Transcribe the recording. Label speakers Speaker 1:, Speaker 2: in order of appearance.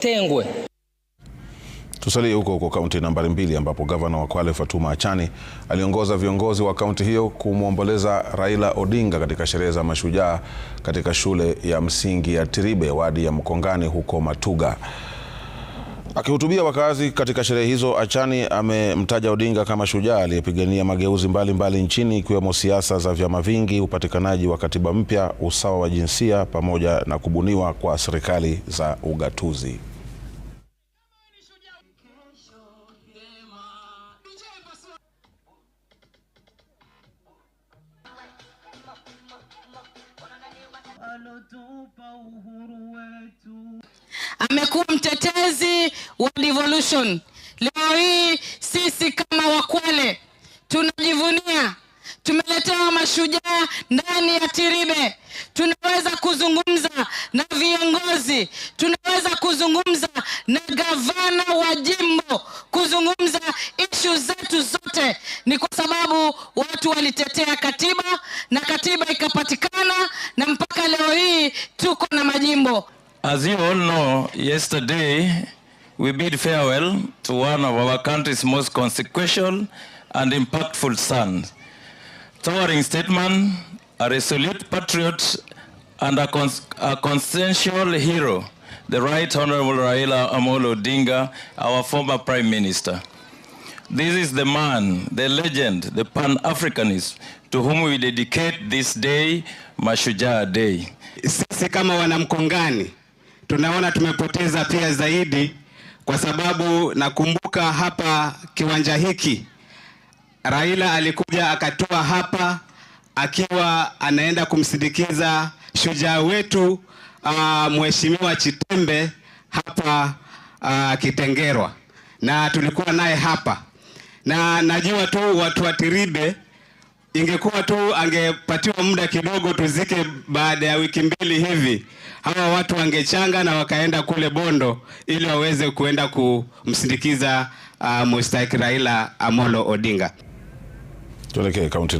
Speaker 1: Tengwe. Tusalie huko huko kaunti nambari mbili ambapo gavana wa Kwale Fatuma Achani aliongoza viongozi wa kaunti hiyo kumwomboleza Raila Odinga katika sherehe za mashujaa katika shule ya msingi ya Tiribe wadi ya Mkongani huko Matuga. Akihutubia wakazi katika sherehe hizo, Achani amemtaja Odinga kama shujaa aliyepigania mageuzi mbalimbali mbali nchini ikiwemo siasa za vyama vingi, upatikanaji wa katiba mpya, usawa wa jinsia pamoja na kubuniwa kwa serikali za ugatuzi.
Speaker 2: Amekuwa mtetezi wa devolution. Leo hii sisi kama Wakwale tunajivunia tumeletewa mashujaa ndani ya Tiribe, tunaweza kuzungumza na viongozi watu walitetea katiba na katiba ikapatikana, na mpaka leo hii tuko na majimbo.
Speaker 3: As you all know, yesterday we bid farewell to one of our country's most consequential and impactful sons. Towering statesman, a resolute patriot and a, cons a consensual hero, the Right Honorable Raila Amolo Odinga, our former Prime Minister. This is the man, the legend, the Pan-Africanist to whom we dedicate this day, Mashujaa Day.
Speaker 4: Sisi kama wanamkongani tunaona tumepoteza pia zaidi kwa sababu nakumbuka hapa kiwanja hiki Raila alikuja akatua hapa akiwa anaenda kumsindikiza shujaa wetu uh, Mheshimiwa Chitembe hapa uh, Kitengerwa na tulikuwa naye hapa na najua tu watu wa Tiride, ingekuwa tu angepatiwa muda kidogo tuzike baada ya wiki mbili hivi, hawa watu wangechanga na wakaenda kule Bondo ili waweze kuenda kumsindikiza uh, mustahiki Raila Amolo Odinga. Tuelekee kaunti